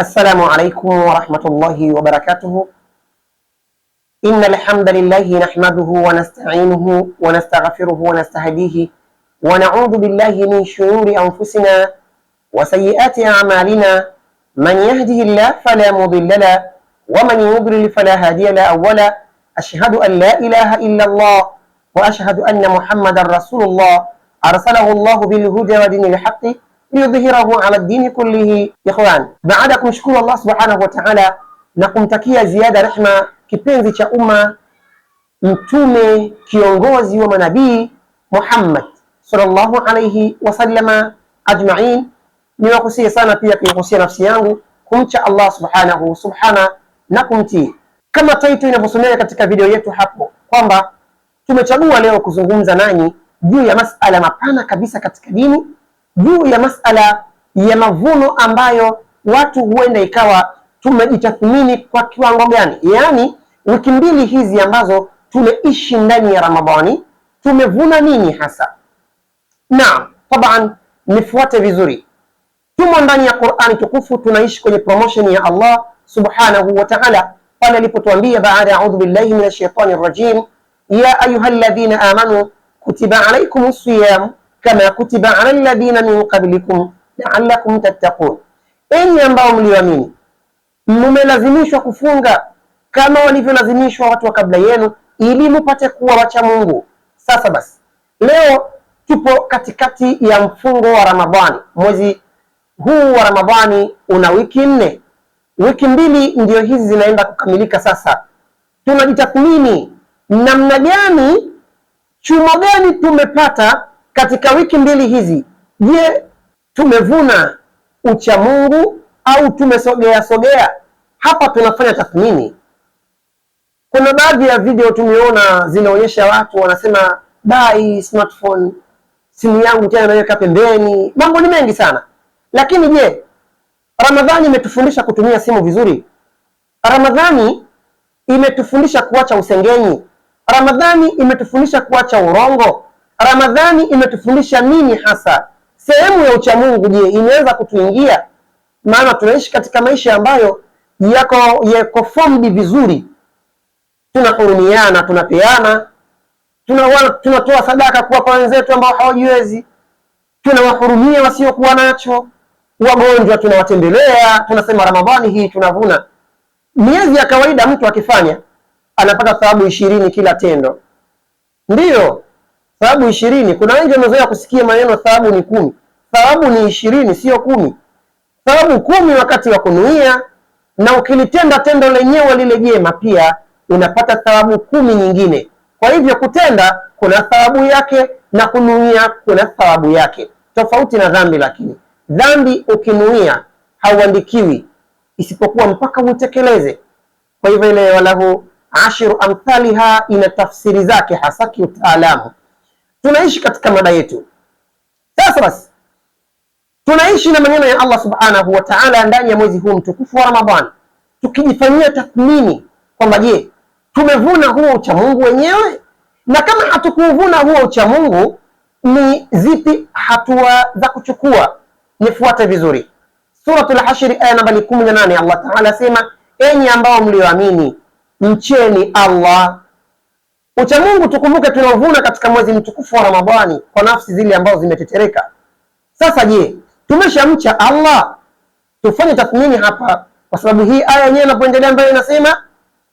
السلام عليكم ورحمة الله وبركاته إن الحمد لله نحمده ونستعينه ونستغفره ونستهديه ونعوذ بالله من شرور أنفسنا وسيئات أعمالنا من يهده الله فلا مضل له ومن يضلل فلا هادي له أولا أشهد أن لا إله إلا الله وأشهد أن محمدا رسول الله أرسله الله بالهدى ودين الحق liyudhhirahu ala dini kullihi. Ikhwan, baada ya kumshukuru Allah subhanahu wa ta'ala na kumtakia ziada rehma kipenzi cha umma mtume kiongozi wa manabii Muhammad sallallahu alayhi wasallama ajma'in, niwakusie sana pia kuikusia nafsi yangu kumcha Allah subhanahu subhana na kumtii, kama taito inavyosomea katika video yetu hapo kwamba tumechagua leo kuzungumza nanyi juu ya masala mapana kabisa katika dini juu ya masala ya mavuno ambayo watu huenda ikawa tumejitathmini kwa kiwango gani, yaani wiki mbili hizi ambazo tumeishi ndani ya Ramadhani tumevuna nini hasa. Naam, taban, nifuate vizuri. Tumo ndani ya Qur'ani tukufu, tunaishi kwenye promotion ya Allah subhanahu wa ta'ala pale alipotuambia baada ya audhu billahi minash shaitani rajim, ya ayuha alladhina amanu kutiba alaykumus siyam kama kutiba ala alladhina min qablikum la'allakum tattaqun, enyi ambao mlioamini, mmelazimishwa kufunga kama walivyolazimishwa watu wa kabla yenu, ili mupate kuwa wacha Mungu. Sasa basi, leo tupo katikati ya mfungo wa Ramadhani. Mwezi huu wa Ramadhani una wiki nne, wiki mbili ndio hizi zinaenda kukamilika. Sasa tunajitathmini namna gani, chuma gani tumepata katika wiki mbili hizi, je, tumevuna ucha Mungu au tumesogea sogea? Hapa tunafanya tathmini. Kuna baadhi ya video tumeona zinaonyesha watu wanasema bai smartphone, simu yangu tena naweka pembeni. Mambo ni mengi sana, lakini je, Ramadhani imetufundisha kutumia simu vizuri? Ramadhani imetufundisha kuacha usengenyi? Ramadhani imetufundisha kuacha urongo? Ramadhani imetufundisha nini hasa? Sehemu ya uchamungu, je, imeweza kutuingia? Maana tunaishi katika maisha ambayo yako yako formed vizuri, tunahurumiana, tunapeana, tunatoa tuna sadaka kuwapa wenzetu ambao hawajiwezi, tunawahurumia wasiokuwa nacho, wagonjwa tunawatembelea, tunasema Ramadhani hii tunavuna. Miezi ya kawaida mtu akifanya anapata thawabu ishirini kila tendo, ndiyo thawabu ishirini. Kuna wengi wamezoea kusikia maneno thawabu ni kumi, thawabu ni ishirini, sio kumi. Thawabu kumi wakati wa kunuia, na ukilitenda tendo lenyewe lile jema pia unapata thawabu kumi nyingine. Kwa hivyo kutenda kuna thawabu yake na kunuia kuna thawabu yake, tofauti na dhambi. Lakini dhambi ukinuia hauandikiwi, isipokuwa mpaka utekeleze. Kwa hivyo ile walahu ashiru amthaliha ina tafsiri zake hasa kiutaalamu tunaishi katika mada yetu. Sasa basi, tunaishi na maneno ya Allah subhanahu wa ta'ala ndani ya mwezi huu mtukufu wa Ramadhani, tukijifanyia tathmini kwamba je, tumevuna huo uchamungu wenyewe? Na kama hatukuvuna huo uchamungu, ni zipi hatua za kuchukua? Nifuate vizuri Suratul Hashr aya na 18, Allah Ta'ala asema, enyi ambao mlioamini, mcheni Allah ucha mungu tukumbuke tunaovuna katika mwezi mtukufu wa Ramadhani kwa nafsi zile ambazo zimetetereka. Sasa je, tumeshamcha Allah? Tufanye tathmini hapa, kwa sababu hii aya yenyewe inapoendelea mbele inasema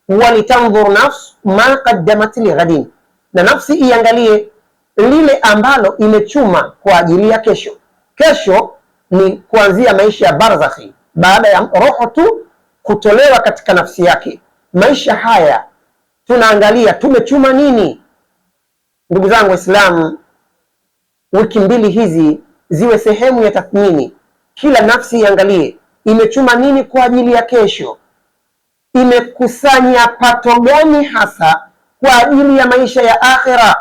walitandhur nafs ma qaddamat lighadin, na nafsi iangalie lile ambalo imechuma kwa ajili ya kesho. Kesho ni kuanzia maisha ya barzakhi, baada ya roho tu kutolewa katika nafsi yake. Maisha haya tunaangalia tumechuma nini. Ndugu zangu Waislamu, wiki mbili hizi ziwe sehemu ya tathmini. Kila nafsi iangalie imechuma nini kwa ajili ya kesho, imekusanya pato gani hasa kwa ajili ya maisha ya akhera.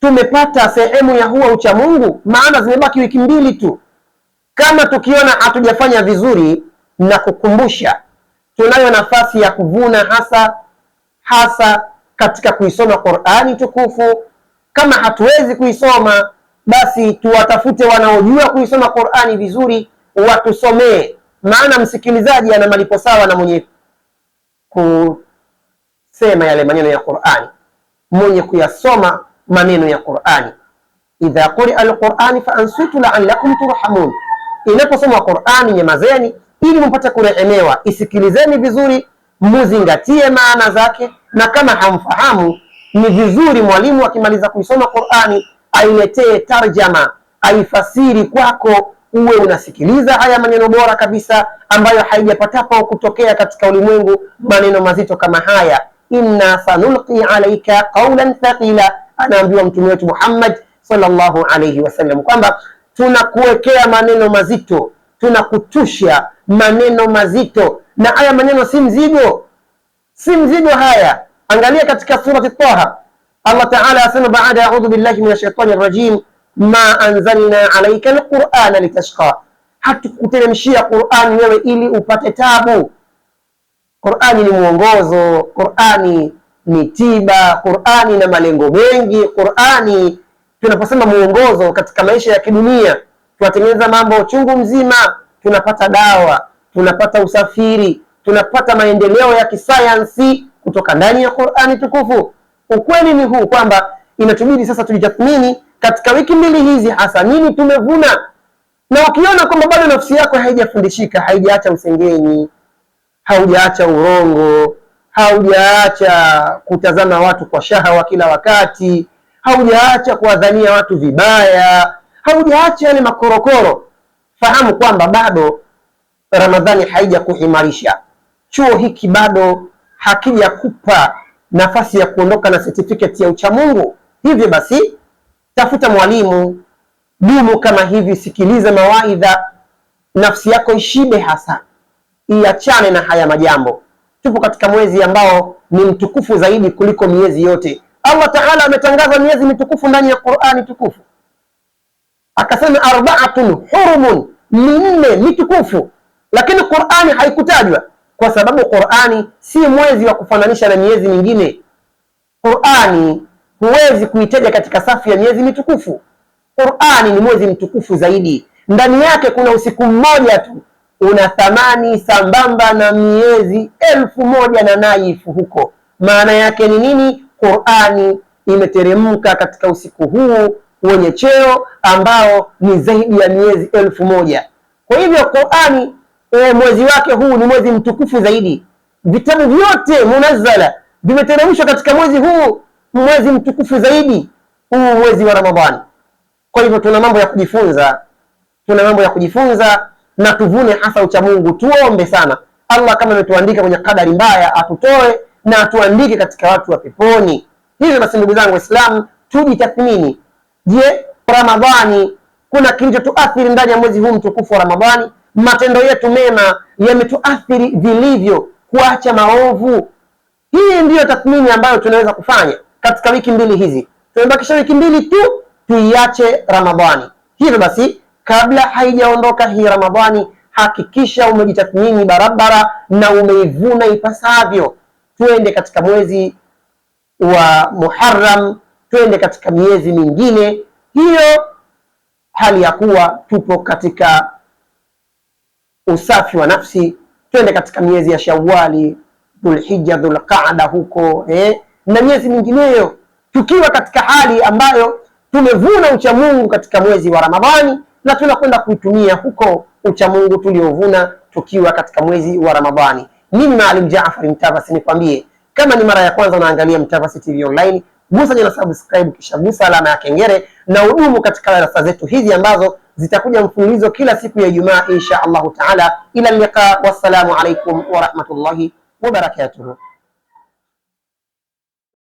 Tumepata sehemu ya huwa ucha Mungu? Maana zimebaki wiki mbili tu. Kama tukiona hatujafanya vizuri, na kukumbusha tunayo nafasi ya kuvuna hasa hasa katika kuisoma Qur'ani tukufu. Kama hatuwezi kuisoma, basi tuwatafute wanaojua kuisoma Qur'ani vizuri watusomee, maana msikilizaji ana malipo sawa na mwenye kusema yale maneno ya Qur'ani, mwenye kuyasoma maneno ya Qur'ani. Idha quria alqurani faansitu laallakum turhamun, inaposoma Qur'ani nyamazeni ili mpate kurehemewa. Isikilizeni vizuri muzingatie maana zake, na kama hamfahamu ni vizuri mwalimu akimaliza kuisoma Qur'ani ailetee tarjama, aifasiri kwako, uwe unasikiliza haya maneno bora kabisa ambayo haijapatapa kutokea katika ulimwengu, maneno mazito kama haya, inna sanulqi alaika qawlan thaqila. Anaambiwa mtume wetu Muhammad sallallahu alayhi wasallam kwamba tunakuwekea maneno mazito, tunakutusha maneno mazito, na haya maneno si mzigo, si mzigo haya. Angalia katika surati Taha, Allah Taala asema baada audhu billahi min shaitani rajim, ma anzalna alaika alqurana litashqa, hatukuteremshia Qurani wewe ili upate tabu. Qurani ni mwongozo, Qurani ni tiba, Qurani na malengo mengi. Qurani tunaposema mwongozo katika maisha ya kidunia, tunatengeneza mambo chungu mzima tunapata dawa, tunapata usafiri, tunapata maendeleo ya kisayansi kutoka ndani ya Qur'ani tukufu. Ukweli ni huu kwamba inatubidi sasa tujitathmini katika wiki mbili hizi, hasa nini tumevuna, na ukiona kwamba bado nafsi yako haijafundishika, haijaacha usengenyi, haujaacha urongo, haujaacha kutazama watu kwa shahawa kila wakati, haujaacha kuwadhania watu vibaya, haujaacha yale makorokoro fahamu kwamba bado Ramadhani haija kuhimarisha chuo hiki, bado hakija kupa nafasi ya kuondoka na certificate ya uchamungu. Hivyo basi, tafuta mwalimu, dumu kama hivi, sikiliza mawaidha, nafsi yako ishibe, hasa iachane na haya majambo. Tupo katika mwezi ambao ni mtukufu zaidi kuliko miezi yote. Allah Taala ametangaza miezi mitukufu ndani ya Qur'ani tukufu, akasema arbaatun hurumun minne mitukufu, lakini Qur'ani haikutajwa kwa sababu Qur'ani si mwezi wa kufananisha na miezi mingine. Qur'ani huwezi kuitaja katika safu ya miezi mitukufu. Qur'ani ni mwezi mtukufu zaidi, ndani yake kuna usiku mmoja tu una thamani sambamba na miezi elfu moja na naifu huko. Maana yake ni nini? Qur'ani imeteremka katika usiku huu wenye cheo ambao ni zaidi ya miezi elfu moja. Kwa hivyo Qurani e, eh, mwezi wake huu ni mwezi mtukufu zaidi. Vitabu vyote munazzala vimeteremshwa katika mwezi huu, mwezi mtukufu zaidi huu mwezi wa Ramadhani. Kwa hivyo tuna mambo ya kujifunza, tuna mambo ya kujifunza na tuvune hasa ucha Mungu. Tuombe sana Allah, kama ametuandika kwenye kadari mbaya atutoe na atuandike katika watu wa peponi. Hivyo basi, ndugu zangu Waislamu, tujitathmini. Je, Ramadhani kuna kilichotuathiri ndani ya mwezi huu mtukufu wa Ramadhani? Matendo yetu mema yametuathiri vilivyo, kuacha maovu? Hii ndiyo tathmini ambayo tunaweza kufanya katika wiki mbili hizi. Tumebakisha wiki mbili tu tuiache Ramadhani. Hivyo basi, kabla haijaondoka hii Ramadhani, hakikisha umejitathmini barabara na umeivuna ipasavyo. Tuende katika mwezi wa Muharram twende katika miezi mingine hiyo, hali ya kuwa tupo katika usafi wa nafsi, twende katika miezi ya Shawali, Dhulhijja, Dhulqaada huko eh, na miezi mingineyo, tukiwa katika hali ambayo tumevuna uchamungu katika mwezi wa Ramadhani na tunakwenda kuitumia huko uchamungu tuliovuna tukiwa katika mwezi wa Ramadhani. Mimi Maalim Jaafar Mtavassy nikwambie, kama ni mara ya kwanza unaangalia Mtavassy TV online gusa neno subscribe, kisha gusa alama ya kengele na udumu katika darasa zetu hizi ambazo zitakuja mfululizo kila siku ya Ijumaa insha Allahu taala. Ila liqa, wassalamu alaikum wa rahmatullahi wa barakatuh.